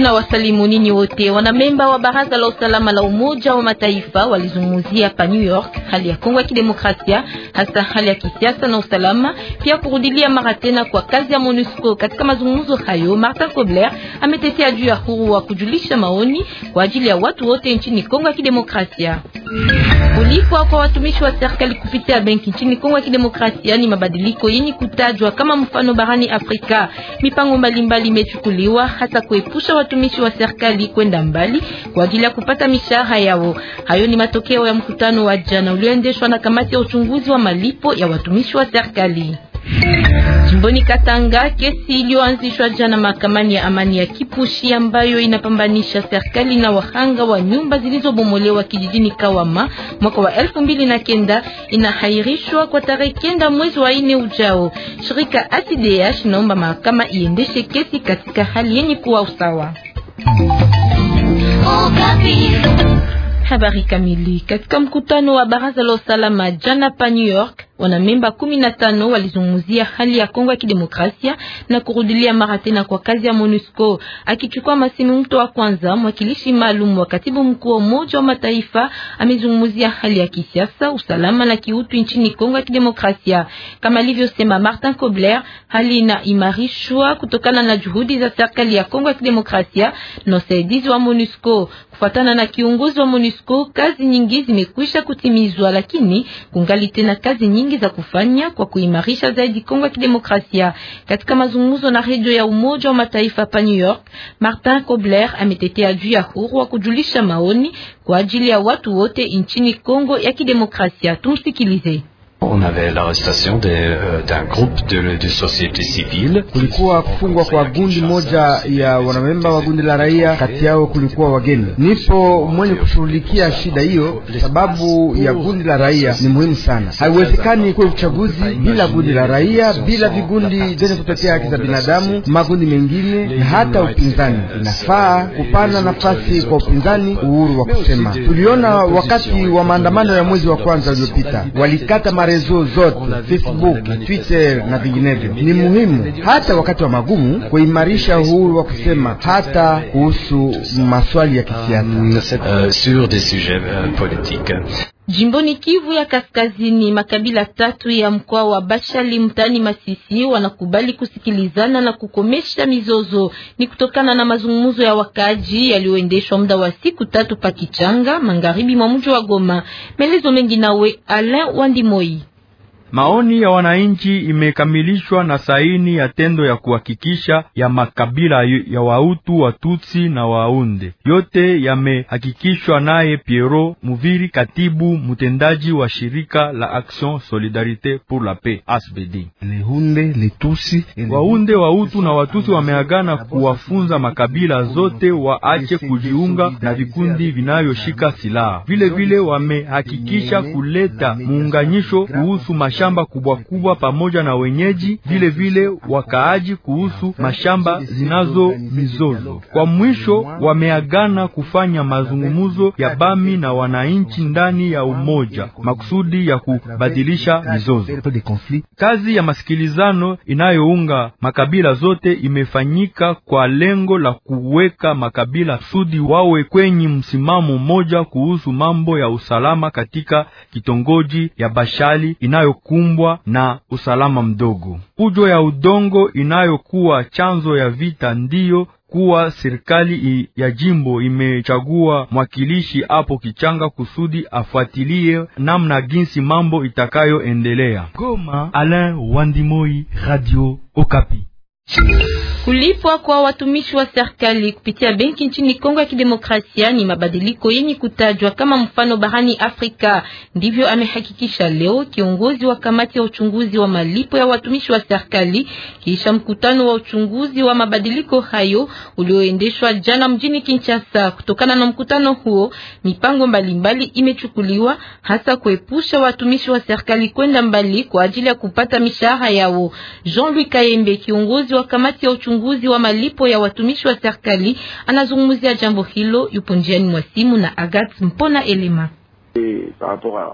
tunawasalimu nini wote. Wanamemba wa baraza la usalama la Umoja wa Mataifa walizungumzia hapa New York hali ya Kongo ya Kidemokrasia, hasa hali ya kisiasa na usalama, pia kurudilia mara tena kwa kazi ya MONUSCO. Katika mazungumzo hayo, martin Kobler ametetea juu ya huru wa kujulisha maoni kwa ajili ya watu wote nchini Kongo ya Kidemokrasia. Kulipwa kwa watumishi wa serikali kupitia benki nchini Kongo ya Kidemokrasia ni mabadiliko yenye kutajwa kama mfano barani Afrika. Mipango mbalimbali imechukuliwa hasa kuepusha watumishi wa serikali kwenda mbali kwa ajili ya kupata mishahara yao. Hayo ni matokeo ya mkutano wa jana ulioendeshwa na kamati ya uchunguzi wa malipo ya watumishi wa serikali. Jimboni Katanga, kesi iliyoanzishwa jana mahakamani ya amani ya Kipushi ambayo inapambanisha serikali na wahanga wa nyumba zilizobomolewa kijijini Kawama mwaka wa elfu mbili na kenda inahairishwa kwa tarehe kenda mwezi wa ine ujao. Shirika ACDH inaomba mahakama iendeshe kesi katika hali yenye kuwa usawa. Habari kamili katika mkutano wa baraza la usalama jana pa New York Wanamemba kumi na tano walizungumzia hali ya Kongo ya Kidemokrasia na kurudilia mara tena kwa kazi ya MONUSCO. Akichukua masemi mtu wa kwanza, mwakilishi maalum wa katibu mkuu wa Umoja wa Mataifa amezungumzia hali ya kisiasa, usalama na kiutu nchini Kongo ya Kidemokrasia. Kama alivyosema Martin Kobler, hali inaimarishwa kutokana na juhudi za serikali ya Kongo ya Kidemokrasia na usaidizi wa MONUSCO. Kufuatana na kiongozi wa MONUSCO, kazi nyingi zimekwisha kutimizwa, lakini kungali tena kazi nyingi nyingi za kufanya kwa kuimarisha zaidi Kongo ya Kidemokrasia. Katika mazungumzo na redio ya Umoja wa Mataifa pa New York, Martin Kobler ametetea juu ya huru wa kujulisha maoni kwa ajili ya watu wote nchini Kongo ya Kidemokrasia. Tumsikilize. On avait l'arrestation euh, d'un groupe de, de société civile. Kulikuwa kufungwa kwa gundi moja ya wanamemba wa gundi la raia, kati yao kulikuwa wageni. Nipo mwenye kushughulikia shida hiyo, sababu ya gundi la raia ni muhimu sana. Haiwezekani kuwe uchaguzi bila gundi la raia, bila vigundi vyenye kutetea haki za binadamu, magundi mengine na hata upinzani. Inafaa kupana nafasi kwa upinzani, uhuru wa kusema. Tuliona wakati wa maandamano ya mwezi wa kwanza uliopita, walikata mara marezo zote Facebook, Twitter na vinginevyo. Ni muhimu hata wakati wa magumu kuimarisha uhuru wa kusema hata kuhusu maswali ya kisiasa. Euh, euh, Jimboni Kivu ya Kaskazini, makabila tatu ya mkoa wa Bashali mtani Masisi wanakubali kusikilizana na kukomesha mizozo. Ni kutokana na mazungumzo ya wakaaji yaliyoendeshwa muda wa siku tatu pa Kichanga, magharibi mwa mji wa Goma. Maelezo mengi nawe Alain Wandimoi. Maoni ya wananchi imekamilishwa na saini ya tendo ya kuhakikisha ya makabila ya Wautu, Watutsi na Waunde, yote yamehakikishwa naye Piero Muviri, katibu mtendaji wa shirika la Action Solidarite pour la Paix ASBD. Waunde, Wautu na Watutsi wameagana kuwafunza makabila zote waache kujiunga na vikundi vinayoshika silaha. Vile vile wamehakikisha kuleta muunganisho kuhusu mashamba kubwa kubwa pamoja na wenyeji vile vile wakaaji kuhusu mashamba zinazo mizozo. Kwa mwisho, wameagana kufanya mazungumzo ya bami na wananchi ndani ya umoja makusudi ya kubadilisha mizozo. Kazi ya masikilizano inayounga makabila zote imefanyika kwa lengo la kuweka makabila sudi wawe kwenye msimamo mmoja kuhusu mambo ya usalama katika kitongoji ya Bashali inayo kukumbwa na usalama mdogo. Fujo ya udongo inayokuwa chanzo ya vita ndiyo kuwa serikali ya jimbo imechagua mwakilishi hapo Kichanga kusudi afuatilie namna jinsi mambo itakayoendelea. Goma, Alain Wandimoi, Radio Okapi. Kulipwa kwa watumishi wa serikali kupitia benki nchini Kongo ya Kidemokrasia ni mabadiliko yenye kutajwa kama mfano barani Afrika. Ndivyo amehakikisha leo kiongozi wa kamati ya uchunguzi wa malipo ya watumishi wa serikali kisha mkutano wa uchunguzi wa mabadiliko hayo ulioendeshwa jana mjini Kinshasa. Kutokana na mkutano huo, mipango mbalimbali mbali imechukuliwa hasa kuepusha watumishi wa serikali kwenda mbali kwa ajili ya kupata mishahara yao. Jean-Louis Kayembe, kiongozi wa wa kamati ya uchunguzi wa malipo ya watumishi wa serikali anazungumzia jambo hilo. Yupo njiani mwa simu na Agat Mpona Elema.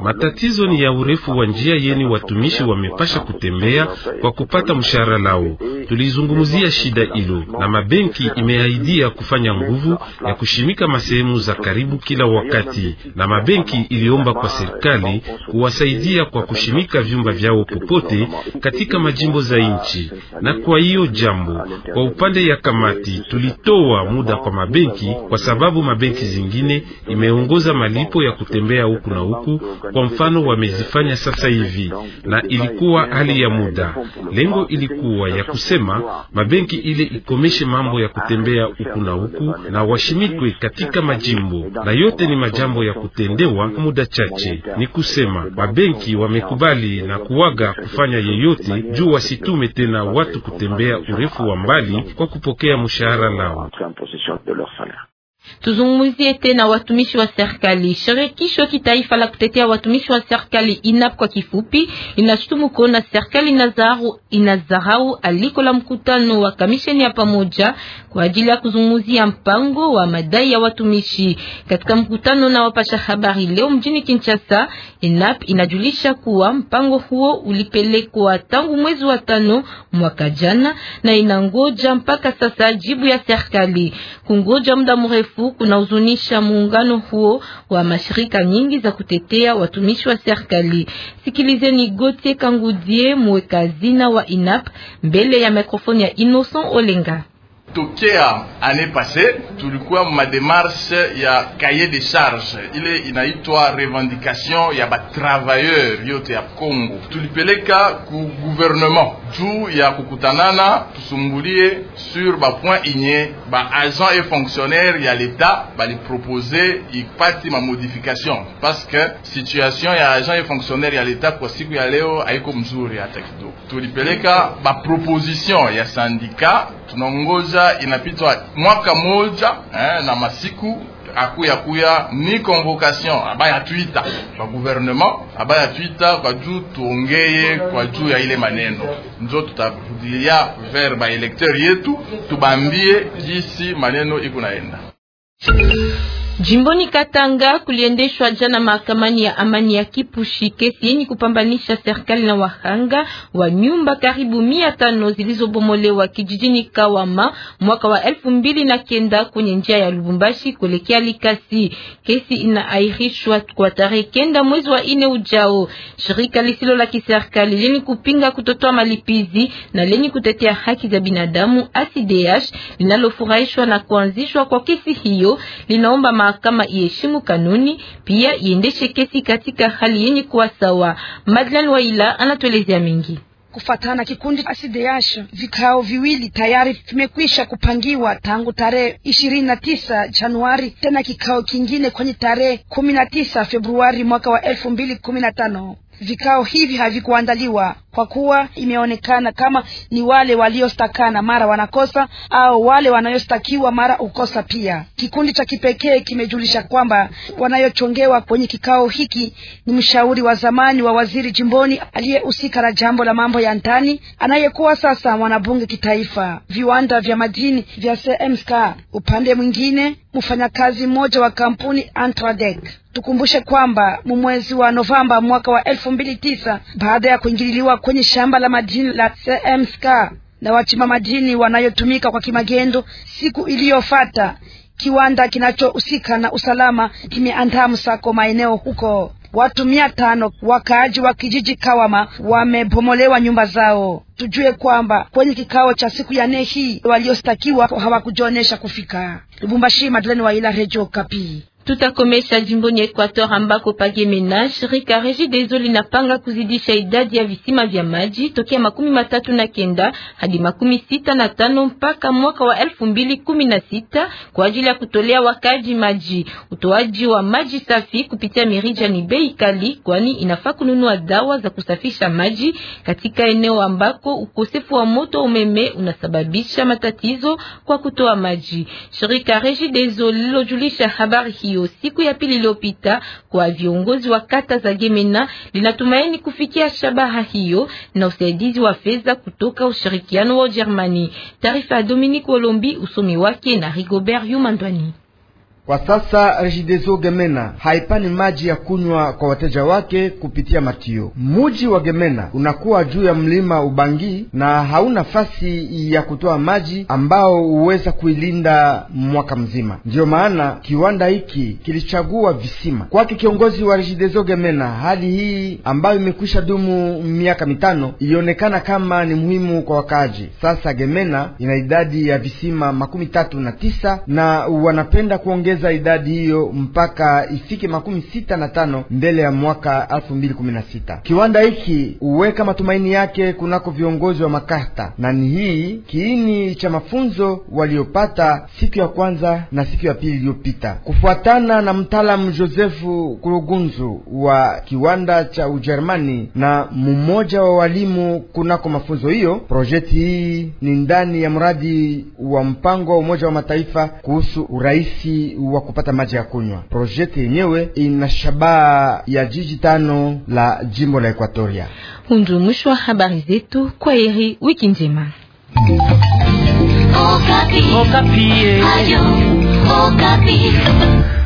Matatizo ni ya urefu wa njia yeni watumishi wamepasha kutembea kwa kupata mshahara lao. Tulizungumzia shida hilo, na mabenki imeahidia kufanya nguvu ya kushimika masehemu za karibu kila wakati, na mabenki iliomba kwa serikali kuwasaidia kwa kushimika vyumba vyao popote katika majimbo za nchi. Na kwa hiyo jambo, kwa upande ya kamati tulitoa muda kwa mabenki, kwa sababu mabenki zingine imeongoza malipo ya kutembea huku na huku. Kwa mfano, wamezifanya sasa hivi, na ilikuwa hali ya muda. Lengo ilikuwa ya kusema mabenki ile ikomeshe mambo ya kutembea huku na huku na washimikwe katika majimbo, na yote ni majambo ya kutendewa muda chache. Ni kusema mabenki wamekubali na kuwaga kufanya yeyote juu wasitume tena watu kutembea urefu wa mbali kwa kupokea mshahara lao. Tuzungumzie tena watumishi wa serikali. Shirikisho kitaifa la kutetea watumishi wa serikali INAP kwa kifupi, inashutumu kuona serikali inazarau inazarau aliko la mkutano wa kamisheni ya pamoja kwa ajili ya kuzungumzia mpango wa madai ya watumishi. Katika mkutano na wapasha habari leo mjini Kinshasa, ENAP inajulisha kuwa mpango huo ulipelekwa tangu mwezi wa tano mwaka jana na inangoja mpaka sasa jibu ya serikali. Kungoja muda mrefu kunahuzunisha muungano huo wa mashirika nyingi za kutetea watumishi wa serikali. Sikilizeni Gotie Kangudie mweka zina wa INAP mbele ya mikrofoni ya Innocent Olenga. Tokea ane pase tulikuwa mademarshe ya cahier de charge ile inaitwa revendication ya batravailleur yote ya congo tulipeleka ku gouvernement juu ya kukutanana tusungulie sur bapoint inye ba agents et fonctionnaire ya l'etat ont ipati ma modification, parce que situation ya agents et fonctionnaire ya l'etat kwa siku ya leo haiko mzuri hata kidogo. Tulipeleka baproposition ya sandika tunaongoza moja inapitwa mwaka moja eh, na masiku akuya kuya ni convocation abaya twita kwa gouvernement abaya twita kwa juu tuongeye kwa juu ya ile maneno, njo tutavudilia vers ba yetu tubambie jinsi maneno iko naenda Jimboni Katanga kuliendeshwa jana mahakamani ya amani ya Kipushi kesi yenye kupambanisha serikali na wahanga wa nyumba karibu mia tano zilizobomolewa kijijini Kawama mwaka wa elfu mbili na kenda kwenye njia ya Lubumbashi kuelekea Likasi. Kesi inaairishwa kwa tarehe kenda mwezi wa ine ujao. Shirika lisilo la kiserikali lenye kupinga kutotoa malipizi na lenye kutetea haki za binadamu ACDH linalofurahishwa na kuanzishwa kwa kesi hiyo linaomba mahakama iheshimu kanuni, pia iendeshe kesi katika hali yenye kuwa sawa. Madlan Waila anatuelezea mengi. Kufatana na kikundi Asideash, vikao viwili tayari vimekwisha kupangiwa tangu tarehe ishirini na tisa Januari, tena kikao kingine kwenye tarehe kumi na tisa Februari mwaka wa elfu mbili kumi na tano. Vikao hivi havikuandaliwa kwa kuwa imeonekana kama ni wale waliostakana mara wanakosa au wale wanayostakiwa mara ukosa. Pia kikundi cha kipekee kimejulisha kwamba wanayochongewa kwenye kikao hiki ni mshauri wa zamani wa waziri jimboni aliyehusika na jambo la mambo ya ndani anayekuwa sasa mwanabunge kitaifa, viwanda vya madini vya CMSK. Upande mwingine mfanyakazi mmoja wa kampuni Antradec Tukumbushe kwamba mwezi wa Novemba mwaka wa elfu mbili tisa baada ya kuingililiwa kwenye shamba la madini la CMSK na wachimba madini wanayotumika kwa kimagendo, siku iliyofata kiwanda kinachohusika na usalama kimeandaa msako maeneo huko. Watu mia tano wakaaji wa kijiji Kawama wamebomolewa nyumba zao. Tujue kwamba kwenye kikao cha siku ya nne hii waliostakiwa hawakujionyesha kufika. Lubumbashi, Madleni Waila, Redio Kapi. Tutakomesha jimboni Ekwator ambako pagemena shirika Regideso linapanga kuzidisha idadi ya visima vya maji tokea makumi matatu na kenda hadi makumi sita na tano mpaka mwaka wa elfu mbili kumi na sita kwa ajili ya kutolea wakaji maji. Utoaji wa maji safi kupitia mirija ni bei kali, kwani inafaa kununua dawa za kusafisha maji katika eneo ambako ukosefu wa moto umeme unasababisha matatizo kwa kutoa maji. Shirika Regideso lilojulisha habari hii hiyo siku ya pili iliyopita kwa viongozi wa kata za Gemena linatumaini kufikia shabaha hiyo na usaidizi wa fedha kutoka ushirikiano wa Ujerumani. Taarifa ya Dominique Olombi, usomi wake na Rigobert Yumandwani. Kwa sasa Regideso Gemena haipani maji ya kunywa kwa wateja wake kupitia matio. Muji wa Gemena unakuwa juu ya mlima Ubangi na hauna fasi ya kutoa maji ambao huweza kuilinda mwaka mzima. Ndiyo maana kiwanda hiki kilichagua visima kwake. Kiongozi wa Regideso Gemena, hali hii ambayo imekwisha dumu miaka mitano ilionekana kama ni muhimu kwa wakaaji. Sasa Gemena ina idadi ya visima makumi tatu na tisa na wanapenda kuongea kuongeza idadi hiyo mpaka ifike makumi sita na tano mbele ya mwaka elfu mbili kumi na sita. Kiwanda hiki huweka matumaini yake kunako viongozi wa makarta, na ni hii kiini cha mafunzo waliopata siku ya kwanza na siku ya pili iliyopita, kufuatana na mtaalamu Josefu Kurugunzu wa kiwanda cha Ujerumani na mmoja wa walimu kunako mafunzo hiyo. Projekti hii ni ndani ya mradi wa mpango wa Umoja wa Mataifa kuhusu urahisi wa kupata maji ya kunywa. Projekti yenyewe ina shabaha ya jiji tano la jimbo la Ekuatoria. Hundu mwisho wa habari zetu, kwa heri, wiki njema. Okapi. Okapi. Ayo, Okapi.